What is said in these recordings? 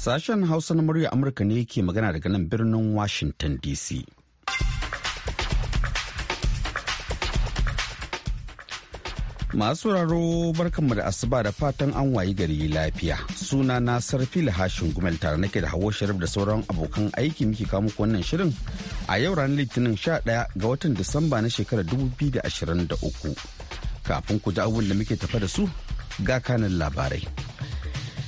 Sashen Hausa na murya Amurka ne ke magana daga nan birnin Washington DC. Masu raro barkanmu da asuba da fatan an wayi gari lafiya. Suna na sarfi hashin gumel tare nake da hawo sharif da sauran abokan aiki muke kawo muku wannan shirin a yau ranar litinin 11 ga watan Disamba na shekarar 2023. Kafin ku ji abun da muke tafa da su ga kanin labarai.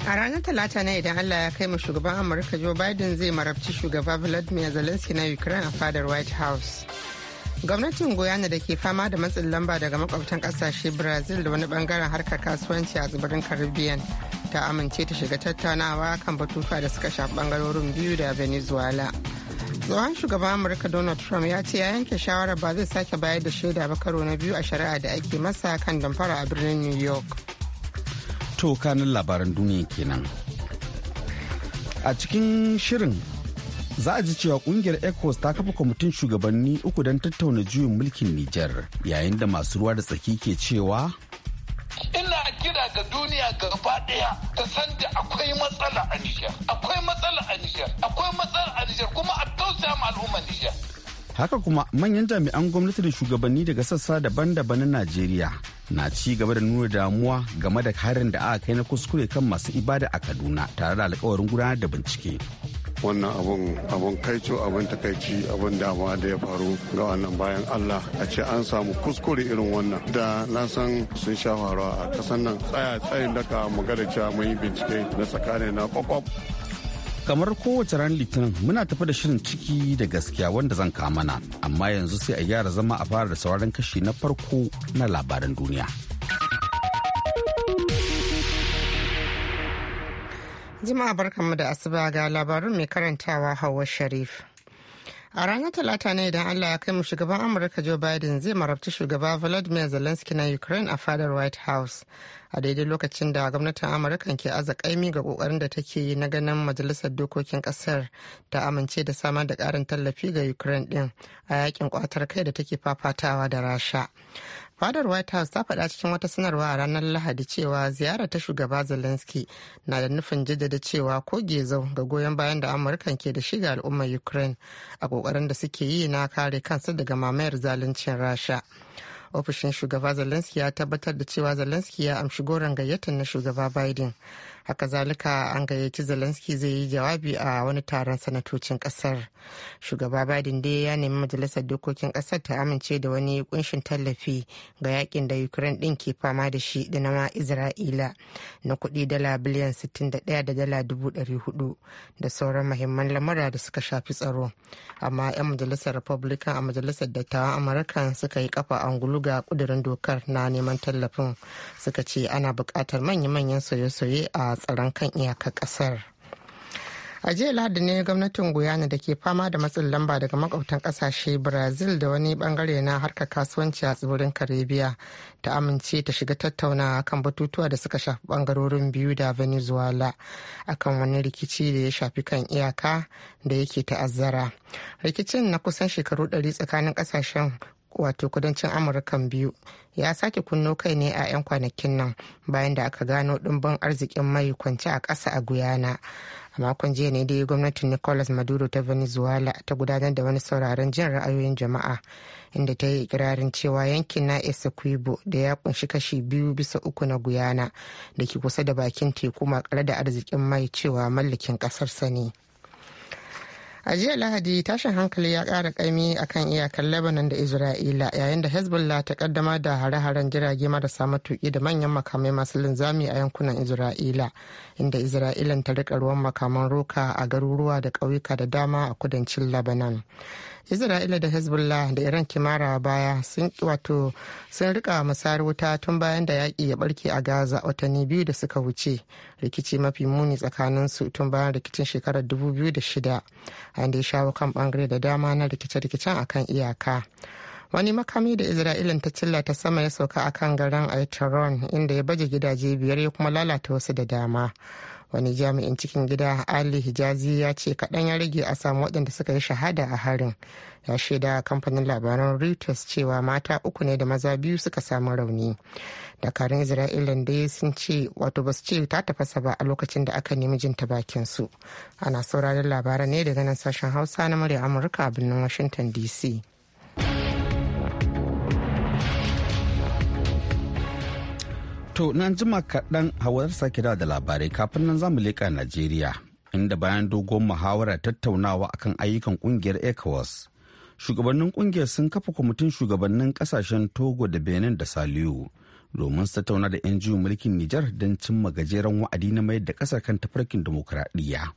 A ranar Talata na idan Allah ya kai mu shugaban Amurka Joe Biden zai marabci shugaba Vladimir Zelensky na Ukraine a fadar White House. Gwamnatin Guyana da ke fama da matsin lamba daga makwabtan kasashe Brazil da wani bangaren harkar kasuwanci a tsibirin Caribbean ta amince ta shiga tattaunawa kan batutuwa da suka shafi bangarorin biyu da Venezuela. tsohon shugaban amurka donald trump ya ce ya yanke shawarar ba zai sake bayar da shaida ba karo na biyu a shari'a da ake masa kan damfara a birnin new york To kanin labaran duniya kenan. A cikin shirin za a ji cewa kungiyar Ecos ta kafa kwamitin shugabanni uku don tattauna juyin mulkin Nijar yayin da masu ruwa da tsaki ke cewa ina kira ga duniya gaba daya ta san da akwai matsala a Nijar akwai matsala a Nijar akwai matsala a Nijar kuma a tausaya ma al'ummar Nijar haka kuma manyan jami'an gwamnati da shugabanni daga sassa daban-daban na najeriya na ci gaba da nuna damuwa game da harin da aka kai na kuskure kan masu ibada a kaduna tare da alkawarin gudanar da bincike wannan abun abun kaico abun takaici abun dama da ya faru ga wannan bayan Allah a ce an samu kuskure irin wannan da na san sun sha faruwa a kasan nan tsaya tsayin daka magana cewa mun yi bincike na tsakanin na kwakwab kamar kowace ranar litinin muna tafi da shirin ciki da gaskiya wanda zan mana amma yanzu sai a gyara zama a fara da sauran kashi na farko na labaran duniya jima'a barkanmu da asuba ga labarun mai karantawa hawa sharif a ranar talata ne idan allah ya kai mu shugaban amurka joe biden zai marabci shugaba Vladimir zelensky na ukraine a fadar white house a daidai lokacin da gwamnatin amurka ke aza kaimi ga kokarin da take yi na ganin majalisar dokokin kasar ta amince da samar da karin tallafi ga ukraine din a yakin kwatar kai da take fafatawa da rasha fadar white house ta faɗa cikin wata sanarwa a ranar lahadi cewa ziyara ta shugaba zelenski na da nufin jaddada cewa ko gezau ga goyon bayan da amurkan ke da shiga al'ummar ukraine a kokarin da suke yi na kare kansu daga mamayar zaluncin rasha ofishin shugaba zelensky ya tabbatar da cewa zelensky ya amshi goron gayyatar na shugaba biden haka zalika an gayyaci zelensky zai yi jawabi a wani taron sanatocin kasar shugaba biden dai ya nemi majalisar dokokin kasar ta amince da wani kunshin tallafi ga yakin da ukraine din ke fama da shi da nama isra'ila na kudi dala biliyan 61 da dala 400 da sauran mahimman lamura da suka shafi tsaro amma 'yan majalisar republican a majalisar dattawan amurka suka yi kafa angulu ga kudirin dokar na neman tallafin suka ce ana buƙatar manya-manyan soye-soye a tsaron kan iyakar kasar a jiya lahadi ne gwamnatin guyana da ke fama da matsin lamba daga makwabtan kasashe brazil da wani bangare na harkar kasuwanci a tsibirin karibiya ta amince ta shiga tattaunawa kan batutuwa da suka shafi bangarorin biyu da venezuela akan wani rikici da ya shafi kan iyaka da yake ta'azzara rikicin na kusan shekaru ɗari tsakanin kasashen wato kudancin amurkan biyu ya sake kunno kai ne a 'yan kwanakin nan bayan da aka gano ɗumbin arzikin mai kwance a ƙasa a guyana a makon jiya ne dai gwamnatin nicolas maduro ta venezuela ta gudanar da wani sauraron jin ra'ayoyin jama'a inda ta yi ikirarin cewa yankin na essequibo da ya kunshi kashi biyu bisa uku na guyana da ke kusa da bakin teku makare da arzikin mai cewa mallakin ƙasarsa ne a jiya lahadi tashin hankali ya ƙara ƙaimi a kan iyakar lebanon da isra'ila yayin da hezbollah ta kaddama da hare-haren jirage marasa matuƙi da manyan makamai masu linzami a yankunan isra'ila inda isra'ilan ta rika ruwan makaman roka a garuruwa da ƙauyuka da dama a kudancin lebanon isra'ila da hezbollah da iran kimara baya sun wato sun rika masar wuta tun bayan da yaƙi ya barke a gaza watanni biyu da suka wuce rikici mafi muni tsakanin su tun bayan rikicin shekarar 2006 biyu da ya shawo kan bangare da dama na rikice-rikicen akan iyaka wani makami da isra'ilin ta cilla ta sama ya sauka akan garin aitaron inda ya baje gidaje biyar ya kuma lalata wasu da dama wani jami'in cikin gida ali hijazi ya ce kaɗan ya rage a samu waɗanda suka yi shahada a harin ya shaida kamfanin labaran reuters cewa mata uku ne da maza biyu suka samu rauni dakarun isra'ilan dai sun ce wato ba su ce ta tafasa ba a lokacin da aka nemi jinta bakin su ana sauraron labaran ne daga nan sashen hausa na murya amurka a birnin washington dc To na jima kaɗan hawar sake da labarai kafin nan zamu leƙa Najeriya inda bayan dogon muhawarar tattaunawa akan ayyukan ƙungiyar ECOWAS shugabannin ƙungiyar sun kafa kwamitin shugabannin ƙasashen Togo da Benin da Saliu domin su tattauna da 'yan mulkin Nijar don cimma gajeren wa'adi na mayar da ƙasar kan tafarkin dimokuraɗiyya.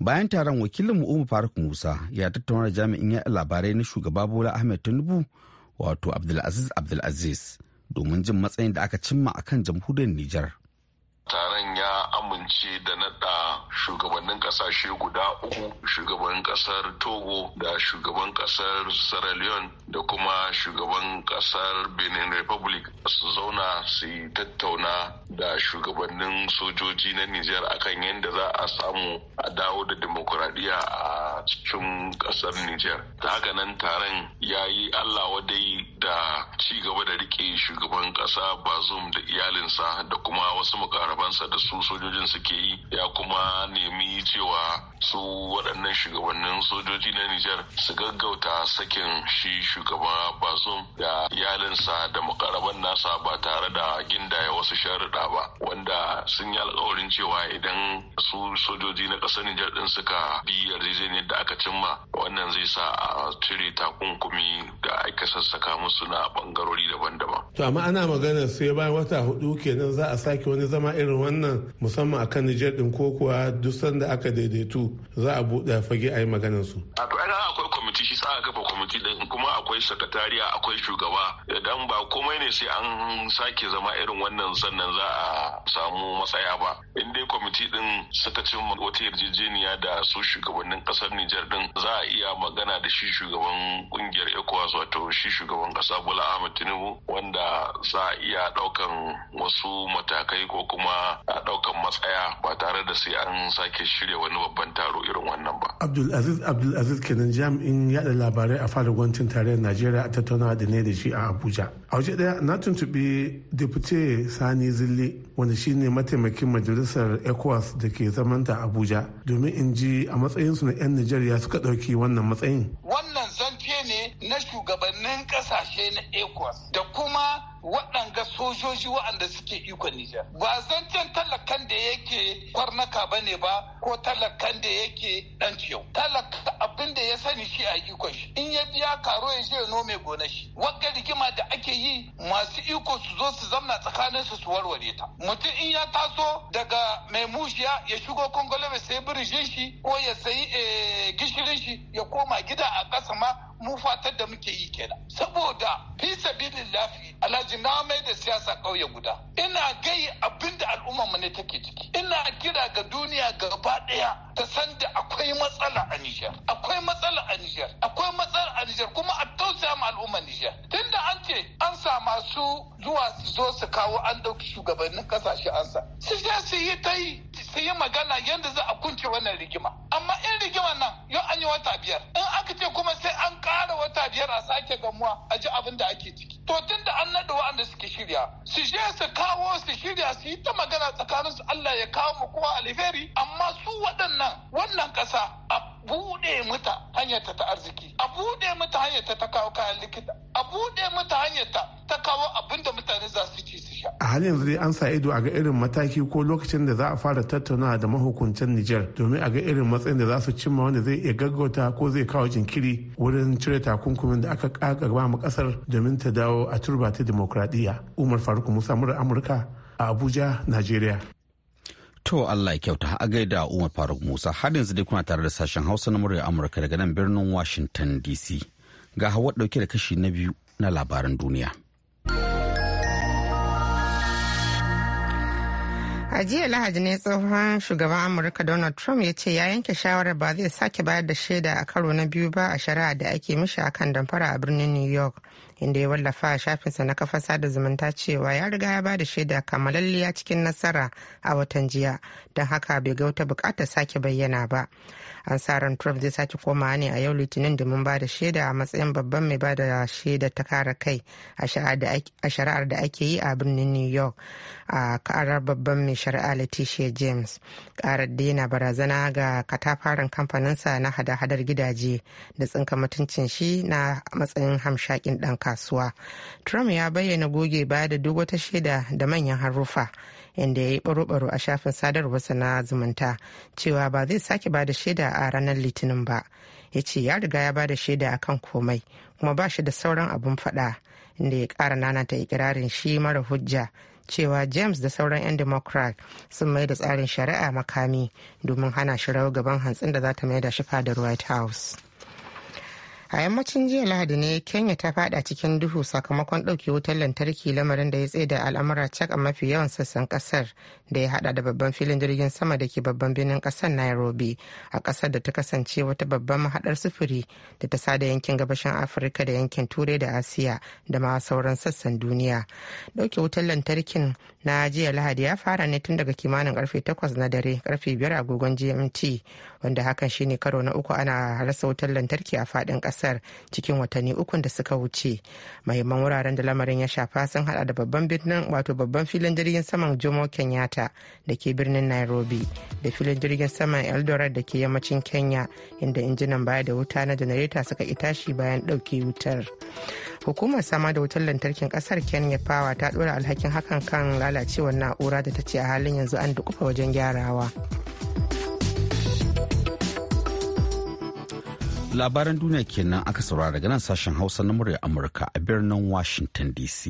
Bayan taron wakilin mu Umar Faruk Musa ya tattauna jami'in yaɗa labarai na shugaba Bola Ahmed Tinubu wato Abdulaziz Abdulaziz. Abdulaziz. domin jin matsayin da aka cimma a kan jamhuriyar Nijar. amince da naɗa shugabannin ƙasashe guda uku shugaban ƙasar togo da shugaban ƙasar sierra leone da kuma shugaban ƙasar benin republic su zauna su yi tattauna da shugabannin sojoji na nijar kan yadda za a samu a dawo da demokuraɗiyya a cikin ƙasar nijar ta haka nan taron ya yi allah wadai da ci gaba da rike shugaban ƙasa bazum da iyalinsa da kuma wasu mukarabansa da su sojoji sojojin suke yi ya kuma nemi cewa su waɗannan shugabannin sojoji na Nijar su gaggauta sakin shi shugaba Bazum da iyalinsa da makaraban nasa ba tare da gina share da ba wanda sun yi alkawarin cewa idan su sojoji na ƙasar Nijar din suka bi yarjejeniyar da aka cimma wannan zai sa a cire takunkumi da aka sassaka musu na bangarori daban-daban. To amma ana magana sai bayan wata hudu kenan za a sake wani zama irin wannan musamman akan Nijar din ko kuwa duk sanda aka daidaitu za a buɗe fage a yi maganar su. A akwai kwamiti sa a kafa kwamiti din kuma akwai sakatariya akwai shugaba dan ba komai ne sai an sake zama irin wannan sannan za a samu matsaya ba in dai kwamiti din suka cin wata yarjejeniya da su shugabannin kasar Nijar din za a iya magana da shi shugaban kungiyar ECOWAS wato shi shugaban kasa Bola Ahmed Tinubu wanda za a iya daukan wasu matakai ko kuma a daukan matsaya ba tare da sai an sake shirya wani babban taro irin wannan ba. Abdul Aziz Abdul Aziz kenan jami'in yada yaɗa labarai a fara gwamnatin tarayyar najeriya a tattauna da ne da shi a abuja a waje ɗaya na tuntuɓi depute sani zilli wanda shine mataimakin majalisar ecowas da ke zamanta abuja domin in ji a matsayinsu na 'yan najeriya suka ɗauki wannan matsayin wannan 'yan kasashe na ECOWAS da kuma waɗanga sojoji waɗanda suke ikon Nijar. Ba zancen talakan da yake kwarnaka ba ne ba ko talakan da yake ɗan ciyau. Talaka abin da ya sani shi a ikon shi. In ya biya karo ya je nome gona shi. Wagga rigima da ake yi masu iko su zo su zamna tsakanin su su warware ta. Mutum in ya taso daga mai mushiya ya shigo Kongole sai birjin shi ko ya sayi eh, gishirin shi ya koma gida a ƙasa ma mu fatar da muke yi kenan saboda fi sabilin lafi alhaji na mai da siyasa ƙauye guda ina gai abin da al'umma mu ne take ciki ina kira ga duniya gaba ɗaya ta san da akwai matsala a Nijar akwai matsala a Nijar akwai matsala a Nijar kuma a tausaya ma al'umma Nijar tunda an ce an sa masu zuwa su zo su kawo an da. sa ido a ga irin mataki ko lokacin da za a fara tattaunawa da mahukuntan Nijar domin a ga irin matsayin da za su cimma wanda zai iya gaggauta ko zai kawo jinkiri wurin cire takunkumin da aka kakaba mu kasar domin ta dawo a turba ta demokradiyya. Umar Faruk Musa murar Amurka a Abuja, Najeriya. To Allah ya kyauta a gaida Umar Faruk Musa har yanzu dai kuna tare da sashen Hausa na murya Amurka daga nan birnin Washington DC. Ga hawa dauke da kashi na biyu na labaran duniya. A jiya Lahadi ne tsohon shugaban Amurka Donald Trump ya ce ya yanke shawarar ba zai sake bayar da shaida a karo na biyu ba a shari'a da ake mishi akan damfara a birnin New York inda ya wallafa a shafinsa na kafa sada zumunta cewa ya riga ya ba da shaida kamalalliya cikin nasara a watan jiya don haka bai ga wata bukatar sake bayyana ba an sa ran trump zai sake koma ne a yau litinin domin ba da shaida a matsayin babban mai ba da shaida ta kara kai a shari'ar da ake yi a birnin new york a karar babban mai shari'a letitia james karar yana barazana ga katafaren kamfaninsa na hada-hadar gidaje da tsinka mutuncin shi na matsayin hamshakin ɗanka kasuwa trump ya bayyana goge baya da duk wata shaida da manyan harufa inda ya yi baro-baro a shafin sa na zumunta cewa ba zai sake ba da shaida a ranar litinin ba ya ce ya riga ya ba da shaida kan komai kuma ba shi da sauran abun faɗa inda ya ƙara nanata ikirarin shi mara hujja cewa james da sauran 'yan democrat sun mai da tsarin shari'a makami domin hana shi gaban hantsin da za ta mai da shi fadar white house a yammacin jiya lahadi ne kenya ta fada cikin duhu sakamakon ɗauke wutar lantarki lamarin da ya da al'amura cak a mafi yawan sassan kasar da ya hada da babban filin jirgin sama da ke babban birnin kasar nairobi a kasar da ta kasance wata babban mahadar sufuri da ta sada yankin gabashin afirka da yankin turai da asiya da ma sauran sassan duniya ɗauke wutar lantarkin na jiya lahadi ya fara ne tun daga kimanin karfe takwas na dare karfe biyar agogon gmt wanda hakan shine karo na uku ana rasa wutar lantarki a fadin kasar cikin watanni ukun da suka wuce mahimman wuraren da lamarin ya shafa sun hada da babban birnin wato babban filin jirgin saman jomo kenyatta da ke birnin nairobi da filin jirgin saman eldoret da ke yammacin kenya inda injinan baya da wuta na janareta suka itashi bayan ɗauke wutar hukumar sama da wutar lantarkin kasar kenya power ta dora alhakin hakan kan lalacewar na'ura da ta ce a halin yanzu an dukufa wajen gyarawa labaran duniya kenan aka saurara daga nan sashen hausa na murya amurka a birnin washington dc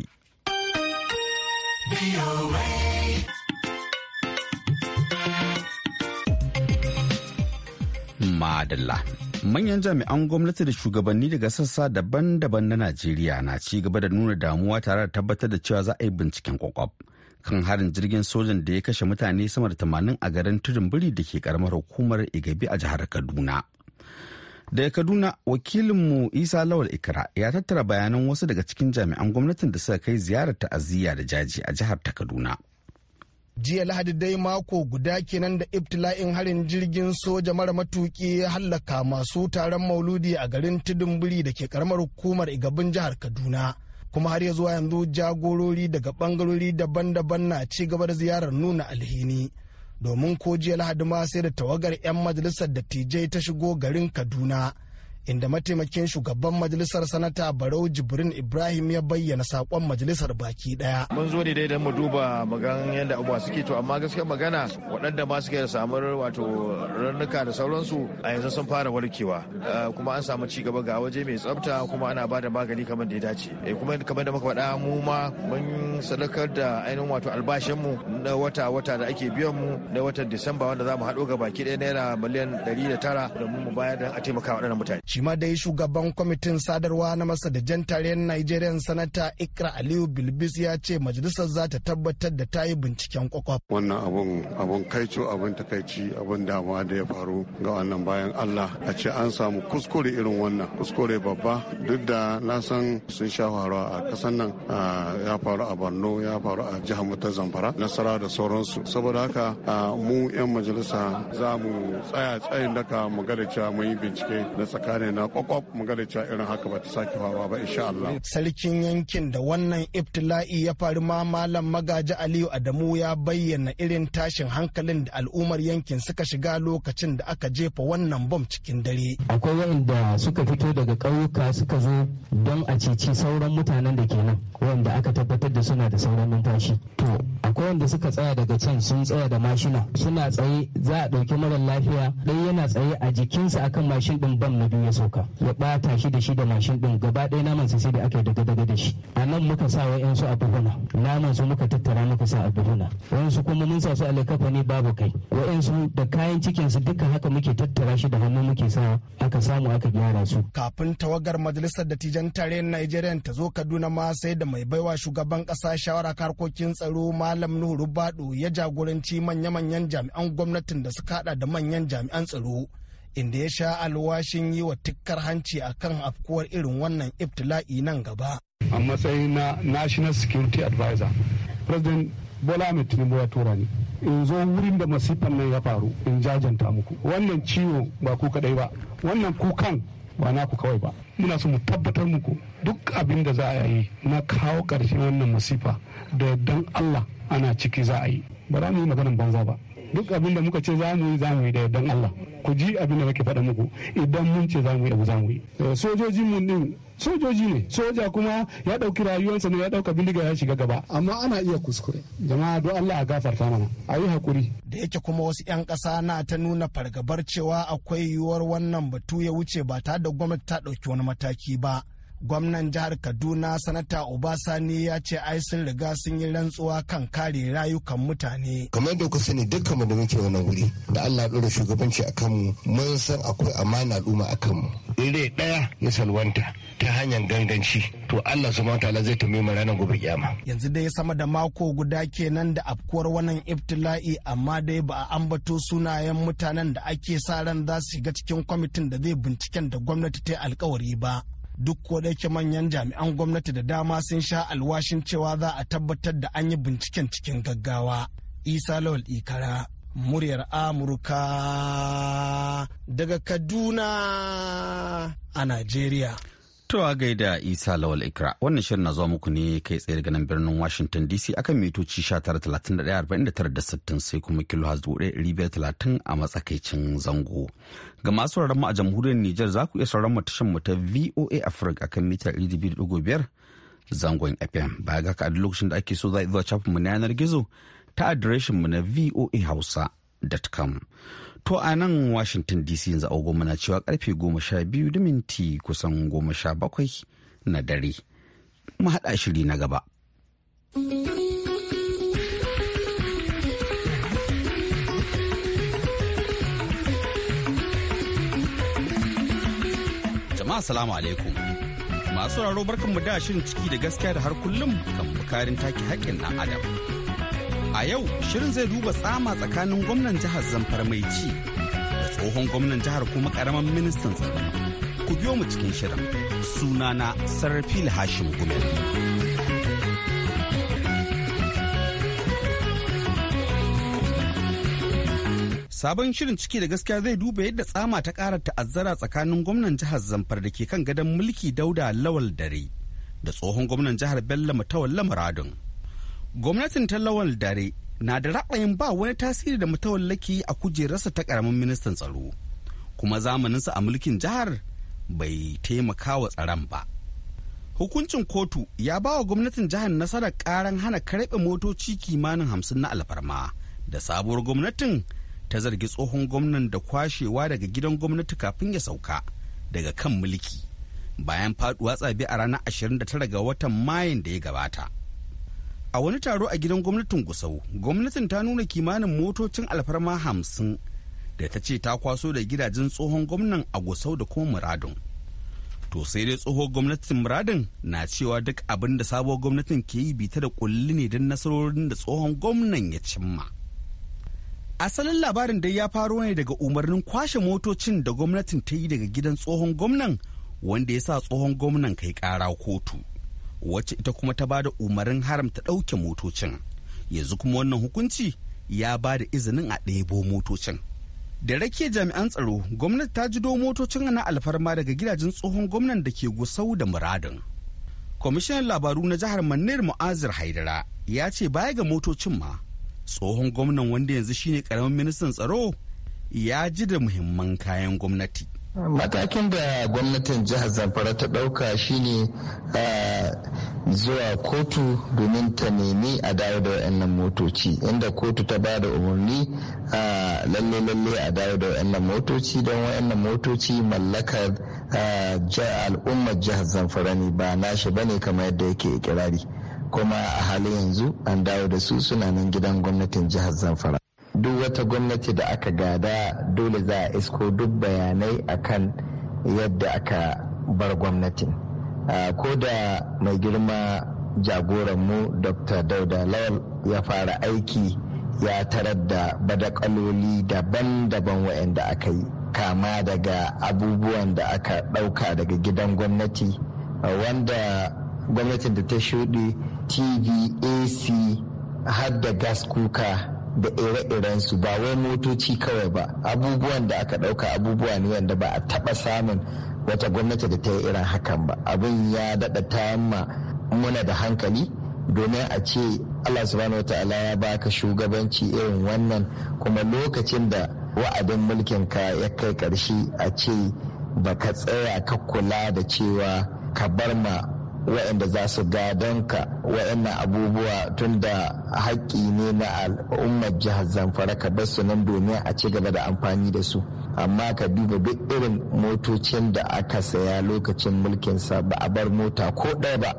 madalla manyan jami'an gwamnati da shugabanni daga sassa daban-daban na najeriya na ci gaba da nuna damuwa tare da tabbatar da cewa za a yi binciken kwakwab kan harin jirgin sojan da ya kashe mutane sama da tamanin a garin tudun biri da ke karamar hukumar igabi a jihar kaduna Daga Kaduna wakilinmu Isa Lawal Ikra ya tattara bayanan wasu daga cikin jami'an gwamnatin da suka kai ziyarar ta'aziyya da jaji a jihar ta Kaduna. jiya lahadi dai mako guda kenan da ibtila'in harin jirgin soja mara matuki ya hallaka masu taron mauludi a garin tudun biri da ke karamar hukumar igabin jihar kaduna kuma har ya zuwa yanzu jagorori daga bangarori daban-daban na ci gaba da ziyarar nuna alhini domin ko jiya lahadi ma sai da tawagar 'yan majalisar dattijai ta shigo garin kaduna inda mataimakin shugaban majalisar sanata barau jibrin ibrahim ya bayyana sakon majalisar baki daya mun zo ne dai don mu duba magan yadda abuwa suke to amma gaskiya magana waɗanda ma suke samun wato rannuka da sauransu a yanzu sun fara warkewa eh, kuma an samu ci gaba ga waje mai tsafta kuma ana ba da magani kamar da ya dace eh, kuma kamar da muka faɗa mu ma mun sadakar da ainihin wato albashin mu na wata-wata da ake biyan mu na watan disamba wanda za mu haɗo ga baki ɗaya naira miliyan ɗari da tara da mu bayar don a taimaka waɗannan mutane shi ma dai shugaban kwamitin sadarwa na masa da jan tarayyar nigerian sanata ikra aliyu bilbis ya ce majalisar za ta tabbatar da ta yi binciken kwakwaf wannan abun abun kaico abun takaici abun damuwa da ya faru ga wannan bayan allah a ce an samu kuskure irin wannan kuskure babba duk da na san sun sha faru a kasan nan ya faru a borno ya faru a jihar mu ta zamfara nasara da sauransu saboda haka mu 'yan majalisa za mu tsaya tsayin daka mu ga cewa mun yi bincike na tsakanin ne na kwakwaf mu cewa irin haka ba ta sake faruwa ba insha Allah. Sarkin yankin da wannan ibtila'i ya faru ma malam magaji Aliyu Adamu ya bayyana irin tashin hankalin da al'ummar yankin suka shiga lokacin da aka jefa wannan bom cikin dare. Akwai waɗanda suka fito daga ƙauyuka suka zo don a ceci sauran mutanen da ke nan wanda aka tabbatar da suna da sauran numfashi. To akwai wanda suka tsaya daga can sun tsaya da mashina suna tsaye za a ɗauki mara lafiya ɗaya yana tsaye a jikinsa akan mashin ɗin ban na biyu ya sauka ya ɓata shi da shi da mashin ɗin gaba ɗaya naman sai da aka yi daga daga da shi a nan muka sa wa yansu a buhuna naman su muka tattara muka sa a buhuna wayansu kuma mun sa su a likafa ne babu kai wayansu da kayan cikin su duka haka muke tattara shi da hannu muke sa aka samu aka gyara su kafin tawagar majalisar dattijan tarayyar Najeriya ta zo Kaduna ma sai da mai baiwa shugaban kasa shawara karkokin tsaro malam malam nuhu rubadu ya jagoranci manya-manyan jami'an gwamnatin da suka hada da manyan jami'an tsaro inda ya sha alwashin yi wa tikkar hanci akan afkuwar irin wannan iftila'i nan gaba a matsayin na national security advisor president bola tinubu ya tura ni in zo wurin da masifan nan ya faru in jajanta muku wannan ciwo ba ku kadai ba wannan kukan ba naku kawai ba muna so mu tabbatar muku duk abin da za a yi na kawo ƙarshen wannan masifa da dan allah ana ciki za a yi ba za mu yi maganin banza ba duk abin da muka ce za mu yi za mu yi da yardan Allah ku ji abin da muke faɗa muku idan mun ce za mu yi abu za mu yi eh, sojojin mun din sojoji ne soja kuma ya ɗauki rayuwarsa ne ya ɗauka bindiga ya shiga gaba amma ana iya kuskure jama'a don Allah a gafarta mana a yi hakuri da yake kuma wasu 'yan ƙasa na ta nuna fargabar cewa akwai yiwuwar wannan batu ya wuce ba tare da gwamnati ta ɗauki wani mataki ba gwamnan jihar kaduna sanata obasani ya ce ai sun riga sun yi rantsuwa kan kare rayukan mutane kamar da ku sani dukkan mu da muke wannan wuri da allah ɗora shugabanci a kanmu mun san akwai amana al'umma a kanmu ire ɗaya ya salwanta ta hanyar ganganci to allah subhanahu wataala zai tambaye mu ranar gobe kiyama yanzu dai sama da mako guda kenan da afkuwar wannan iftila'i amma dai ba a ambato sunayen mutanen da ake sa ran za su shiga cikin kwamitin da zai binciken da gwamnati ta yi alkawari ba duk ko da manyan jami'an gwamnati da dama sun sha alwashin cewa za a tabbatar da an yi binciken cikin gaggawa isa lawal ikara muryar amurka daga kaduna a najeriya to a gaida Isa Lawal Ikra wannan shirin na zuwa muku ne kai tsaye daga nan birnin Washington DC akan mitoci 19,31,49,60 sai kuma kilo has 1,530 a matsakaicin zango. Ga masu sauraron mu a jamhuriyar Nijar za ku iya sauraron mu mu ta VOA Africa akan mita biyar zangon FM. Baya ga ka a lokacin da ake so za a zuwa mu na yanar gizo ta adireshin mu na voa hausa.com To a nan Washington DC yanzu agogo na cewa karfe goma sha biyu da minti kusan goma sha bakwai na dare. Mu haɗa shiri na gaba. Jama'a salamu alaikum. Masu sauraro barkanmu da shirin ciki da gaskiya da har kullum kan bukarin take haƙƙin ɗan Adam. A yau shirin zai duba tsama tsakanin gwamnan jihar Zamfara mai ci da tsohon gwamnan jihar kuma karamin ministan tsaro. Ku biyo mu cikin shirin sunana Sarfil Hashim gume Sabon shirin ciki da gaskiya zai duba yadda tsama ta ƙara ta'azzara tsakanin gwamnan jihar Zamfara da ke kan gadon mulki Dauda Lawal Dare da tsohon gwamnan jihar Bello Mutawalla Muradun. gwamnatin tallawal dare na da ra'ayin ba wani tasiri da mutawallaki a kujerarsa ta karamin ministan tsaro kuma zamaninsa a mulkin jihar bai taimaka wa tsaron ba hukuncin kotu ya ba wa gwamnatin jihar nasarar karan hana karɓe motoci kimanin hamsin na alfarma da sabuwar gwamnatin ta zargi tsohon gwamnan da kwashewa daga gidan gwamnati kafin ya sauka daga kan mulki bayan faduwa tsabi a ranar 29 ga watan mayin da ya gabata a wani taro a gidan gwamnatin gusau gwamnatin ta nuna kimanin motocin alfarma hamsin da ta ce ta kwaso da gidajen tsohon gwamnan a gusau da kuma muradun to sai dai tsohon gwamnatin muradun na cewa duk abin da sabuwar gwamnatin ke yi bita da kulli ne don nasarorin da tsohon gwamnan ya cimma asalin labarin dai ya faro ne daga umarnin kwashe motocin da gwamnatin ta yi daga gidan tsohon gwamnan wanda ya sa tsohon gwamnan kai kara kotu wacce ita kuma ta bada umarin haramta ɗauke motocin yanzu kuma wannan hukunci ya ba da izinin a ɗebo motocin da rake jami'an tsaro gwamnati ta jido motocin na alfarma daga gidajen tsohon gwamnan da ke gusau da muradin kwamishinan labaru na jihar manner mu'azir haidara ya ce baya ga motocin ma tsohon gwamnan wanda yanzu shine karamin ministan tsaro ya ji da muhimman kayan gwamnati matakin da gwamnatin jihar zamfara ta ɗauka shine zuwa kotu domin ta nemi a dawo da wa'annan motoci inda kotu ta ba da umarni a lalle lalle a dawo da wa'annan motoci don wa'annan motoci mallakar al'ummar jihar zamfara ne ba nashi ba ne kamar yadda yake ikirari kuma a halin yanzu an dawo da su suna nan gidan gwamnatin jihar zamfara duk wata gwamnati da aka gada dole za a isko duk bayanai akan yadda aka bar gwamnatin ko da mai girma jagoranmu dr dauda lawal ya fara aiki ya tarar da badakaloli daban-daban waɗanda aka yi kama daga abubuwan da aka ɗauka daga gidan gwamnati wanda gwamnatin da ta shuɗe ac har da gas kuka da ire-iren su ba wai motoci kawai ba abubuwan da aka ɗauka abubuwa ne wanda ba a taɓa samun wata gwamnati da ta yi irin hakan ba abin ya daɗa ma muna da hankali domin a ce allah subhanahu wa ta'ala ya baka shugabanci irin wannan kuma lokacin da wa'adin mulkin ka ya kai karshe a ce baka tsaya ka kula da cewa ka bar ma waɗanda za su gadonka waɗannan abubuwa tun da haƙƙi ne na al'ummar jihar zamfara ka bar su nan domin a ci gaba da amfani da su amma ka duba duk irin motocin da aka saya lokacin mulkinsa ba a bar mota ko ɗaya ba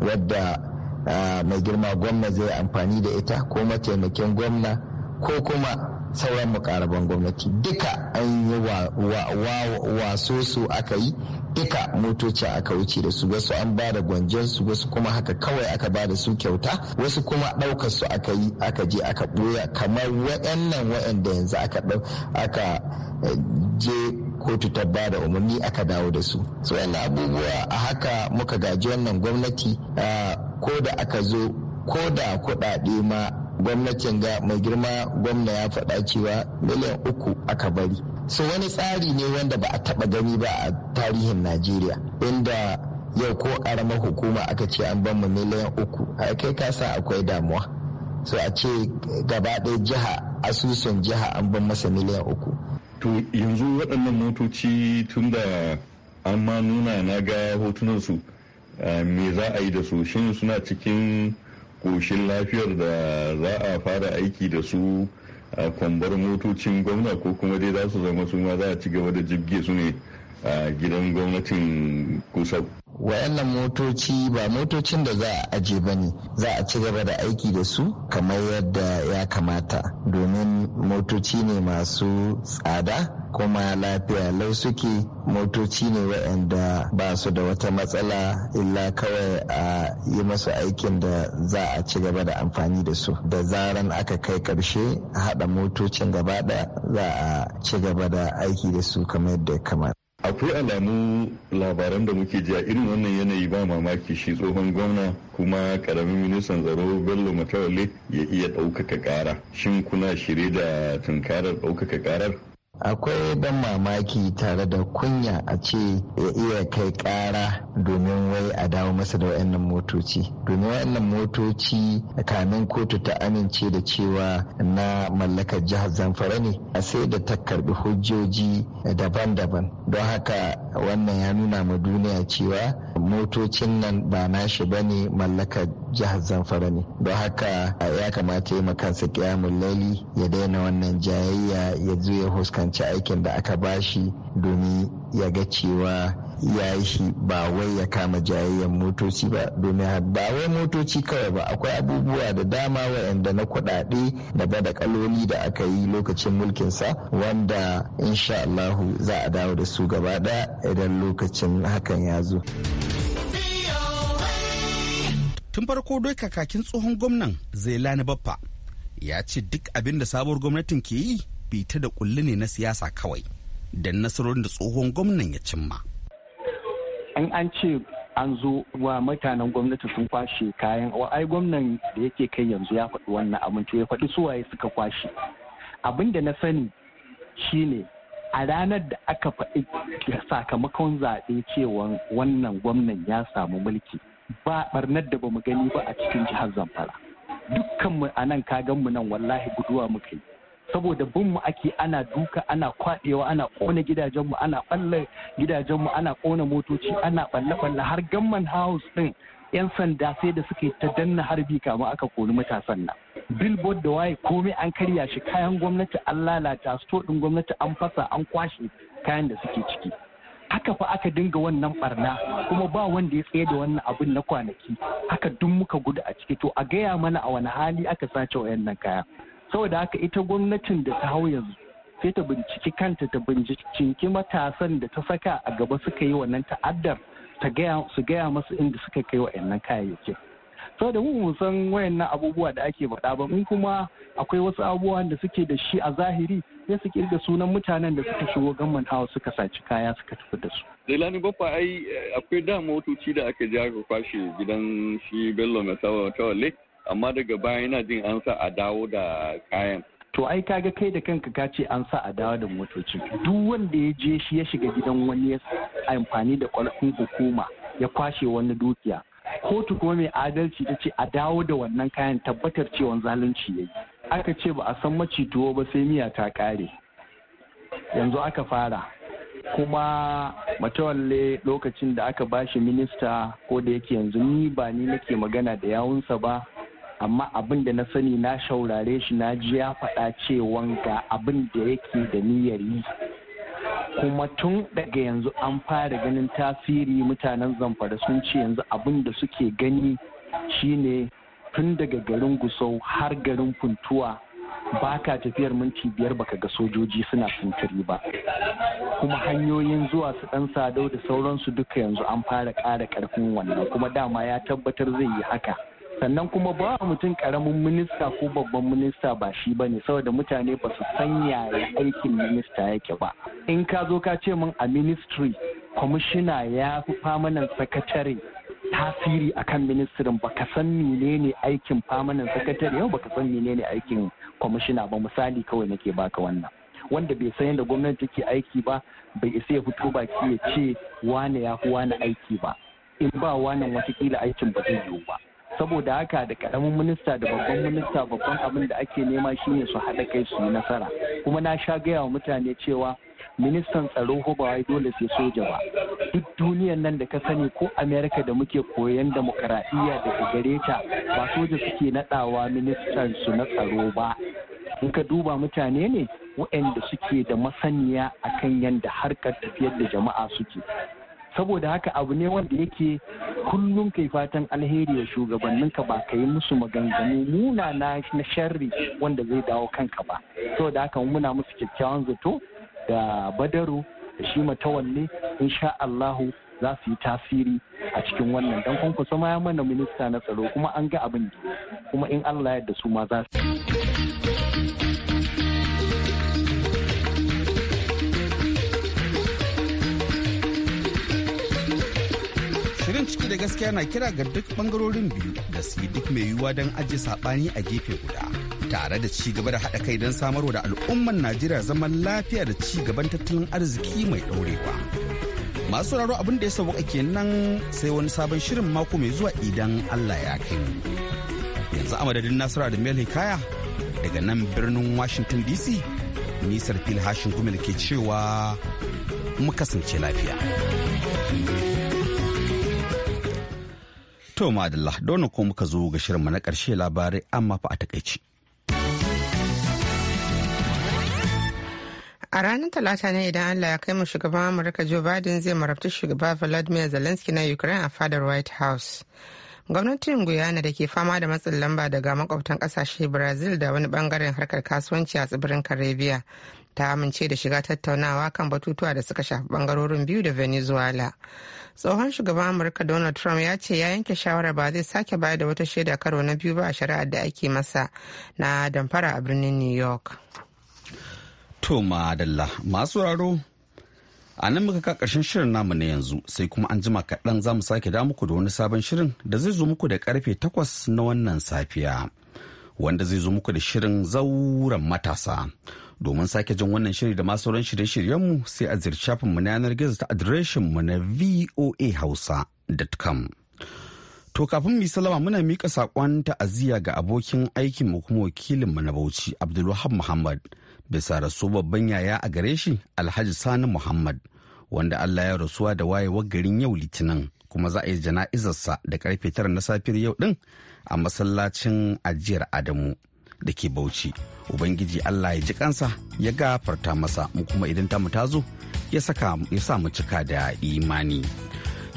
wadda ah, mai girma gwamna zai amfani da ita ko mataimakin gwamna ko kuma sauran mukarraban gwamnati duka an yi waso su aka yi duka motoci aka wuce da su wasu an ba da gwanjen su wasu kuma haka kawai aka ba da su kyauta wasu kuma ɗaukar su aka yi aka je aka ɓoya kamar waɗannan waɗanda yanzu aka aka eh, je kotu ta ba da umarni aka dawo da su su waɗannan abubuwa a haka muka gaji wannan gwamnati ah, ko da aka zo ko da kuɗaɗe ma gwamnatin ga mai girma gwamna ya faɗa cewa miliyan uku aka bari so wani tsari ne wanda ba a taɓa gani ba a tarihin najeriya inda yau ko ƙaramar hukuma aka ce an ban mu miliyan uku a kai kasa akwai damuwa so a ce gaba ɗaya jiha asusun jiha an ban masa miliyan uku to yanzu waɗannan motoci tun da an ma nuna na ga hotunansu eh, me za a yi da su shin suna cikin ƙoshin lafiyar da za a fara aiki da su a kwambar motocin gwamna ko kuma dai za su zama su ma za a ci gaba da jibge su ne a gidan gwamnatin kusa wayannan motoci ba motocin da za a aje ba ne za a ci gaba da aiki da su kamar yadda ya kamata domin motoci ne masu tsada kuma lafiya lau suke motoci ne waɗanda ba su da wata matsala illa kawai a yi masu aikin da za a ci gaba da amfani da su da zaran aka kai ƙarshe haɗa motocin gaba da za a ci gaba da aiki da su kamar yadda ya kamata akwai alamu labaran da muke ji a irin wannan yanayi ba mamaki shi tsohon gwamna kuma karamin ministan tsaro bello matawale ya iya ɗaukaka ƙara shin kuna shirye da tunkarar ɗaukaka ƙarar akwai ban mamaki tare da kunya a ce ya iya kai kara domin wai a dawo masa da wayannan motoci domin wayannan motoci kamin kotu ta amince da cewa na mallakar jihar zamfara ne a sai da ta karbi hujjoji daban-daban don haka wannan ya nuna ma duniya cewa motocin nan ba nashi ba ne mallakar jihar zamfara ne don haka ya kamata ya makansa kiyamun laili ya daina wannan jayayya ya zo ya huskanci aikin da aka bashi domin ya ga cewa ya yi shi ba wai ya kama jayayyen motoci ba domin ba wai motoci kawai ba akwai abubuwa da dama waɗanda na kuɗaɗe da bada kaloli da aka yi lokacin mulkinsa wanda insha Allahu za a dawo da su gaba ɗaya idan lokacin hakan ya zo. Tun farko dai kakakin tsohon gwamnan Zailani Baffa ya ce duk abin da sabuwar gwamnatin ke yi bita da kulli ne na siyasa kawai dan nasarorin da tsohon gwamnan ya cimma. in an ce an zo wa mutanen gwamnati sun kwashe kayan ai gwamnan da yake kai yanzu ya faɗi wannan abin to ya faɗi su waye suka kwashe abin da na sani shine a ranar da aka faɗi sakamakon zaɓe cewa wannan gwamnan ya samu mulki ba barnar da bamu gani ba a cikin jihar zamfara dukkanmu a nan mu nan wallahi guduwa muka yi saboda bin mu ake ana duka ana kwaɗewa ana ƙona gidajenmu ana balle gidajenmu ana ƙona motoci ana balle balle har gamman house ɗin 'yan sanda sai da suke ta danna harbi kama aka kori matasan nan billboard da waye komai an karya shi kayan gwamnati an lalata sto din gwamnati an fasa an kwashe kayan da suke ciki haka fa aka dinga wannan barna kuma ba wanda ya tsaye da wannan abin na kwanaki haka duk muka gudu a ciki to a gaya mana a wani hali aka sace wayannan kaya saboda haka ita gwamnatin da ta hau yanzu sai ta binciki kanta ta binciki matasan da ta saka a gaba suka yi wannan ta'addar ta gaya su gaya masu inda suka kai wa wa'annan kayayyaki. saboda mu san wayannan abubuwa da ake faɗa ba in kuma akwai wasu abubuwan da suke da shi a zahiri sai su kirga sunan mutanen da suka shigo gamman hawa suka saci kaya suka tafi da su. lailani Baffa ai akwai da motoci da aka ja ka kwashe gidan shi Bello tawa lake amma daga baya yana jin an sa a dawo da kayan to ai kaga kai da kanka ka ce an sa a dawo da motocin duk wanda ya je shi ya shiga gidan wani ya amfani da kwalafin hukuma ya kwashe wani dukiya kotu kuma mai adalci ta ce a dawo da wannan kayan tabbatar cewa zalunci ya yi. aka ce ba a san macituwo ba sai miya ta kare yanzu aka fara kuma matawalle lokacin da aka bashi minista ko da yake yanzu ni ba ni nake magana da yawunsa ba amma abin da na sani na shaurare shi na ji ya faɗa cewa ga abin da yake da niyyar yi kuma tun daga yanzu an fara ganin tasiri mutanen zamfara sun ce yanzu abin da suke gani shine tun daga garin gusau har garin funtuwa ba ka tafiyar minti biyar baka ga sojoji suna sintiri ba kuma hanyoyin zuwa su dan sadau da sauransu duka yanzu an fara ƙara karfin wannan kuma dama ya tabbatar zai yi haka sannan kuma ba mutum karamin minista ko babban minista ba shi ba ne saboda mutane ba su san yaya aikin minista yake ba in ka zo ka ce min a ministry kwamishina ya fi famanan sakatare tasiri akan ministirin baka san ne aikin famanan sakatare yau baka san ne aikin kwamishina ba misali kawai nake baka wannan wanda bai san yadda gwamnati take aiki ba bai isa ya fito baki ya ce wane ya fi wane aiki ba in ba wannan watakila aikin ba zai yiwu ba saboda haka da karamin minista da babban minista babban abin da ake nema shine su haɗa kai su yi nasara kuma na sha gaya wa mutane cewa ministan tsaro ko ba wai dole sai soja ba duk duniyan nan da ka sani ko amerika da muke koyan demokaradiyya da gare ta ba soja suke naɗawa ministan su na tsaro ba in ka duba mutane ne waɗanda suke da masaniya akan yadda harkar tafiyar da jama'a suke saboda haka abu ne wanda yake kullum kai fatan alheri ya shugabannin ka ba ka yi musu maganganu muna na sharri wanda zai dawo kanka ba saboda haka muna musu kyakkyawan zato da badaru da shi matawalle insha Allahu za su yi tasiri a cikin wannan dan kun kusa ma mana minista na tsaro kuma an ga abin kuma in Allah ya yarda su ma za su ciki da gaskiya na kira ga duk bangarorin biyu da su yi duk mai yiwuwa don ajiye saɓani a gefe guda tare da ci gaba da haɗa kai don samarwa da al'ummar najeriya zaman lafiya da ci gaban tattalin arziki mai ɗorewa masu sauraro abin da ya sauka nan sai wani sabon shirin mako mai zuwa idan allah ya kai yanzu a madadin nasara da mel hikaya daga nan birnin washington dc nisar fil hashin gumel ke cewa mu kasance lafiya. To madalla dole ko muka zo ga shirinmu na ƙarshe labarai amma fa a takaici. A ranar Talata ne idan Allah ya kai mu shugaban Amurka Joe Biden zai marabta shugaba Volodymyr Zelensky na Ukraine a fadar White House. Gwamnatin Guyana da ke fama da matsin lamba daga makwabtan kasashe Brazil da wani bangaren harkar kasuwanci a tsibirin Caribbean ta amince da shiga tattaunawa kan batutuwa da suka shafi bangarorin biyu da venezuela tsohon shugaban amurka donald trump ya ce ya yanke shawarar ba zai sake bayar da wata shaida karo na biyu ba a shari'ar da ake masa na damfara a birnin new york to masu raro a nan muka ƙarshen shirin namu na yanzu sai kuma an jima kaɗan za mu sake da muku da wani sabon shirin da zai zo muku da karfe takwas na wannan safiya wanda zai zo muku da shirin zauren matasa Domin sake jin wannan shiri da masu sauran shirye-shiryenmu sai a zirshafin mu na yanar gizo ta adireshin mu na voahausa.com. To kafin mu salama muna mika saƙon ta'aziyya ga abokin aikin mu kuma wakilin mu na Bauchi Abdulwahab Muhammad bisa rasu babban yaya a gare shi Alhaji Sani Muhammad wanda Allah ya rasuwa da wayewar garin yau Litinin. kuma za a yi jana'izarsa da karfe tara na safiyar yau din a masallacin ajiyar adamu da ke Bauchi. Ubangiji Allah ya ji kansa ya gafarta masa mu kuma idan tamu ta zo ya saka ya sa mu cika da imani.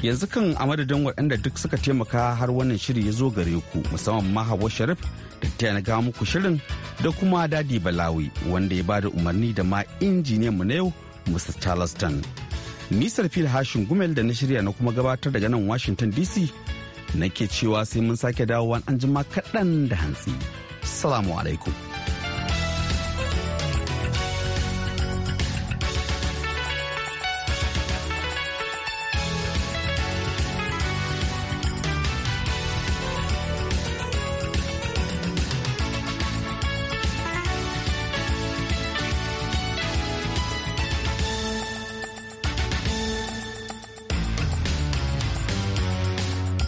Yanzu kan a madadin waɗanda duk suka taimaka har wannan shiri ya zo gare ku musamman ma Hawa Sharif da ta na gawa muku shirin da kuma Dadi Balawi wanda ya bada umarni da ma injiniyan mu na yau Mr. Charleston. Nisar fil hashin gumel da na shirya na kuma gabatar daga nan Washington DC nake cewa sai mun sake dawowa an jima kaɗan da hantsi. Salamu alaikum.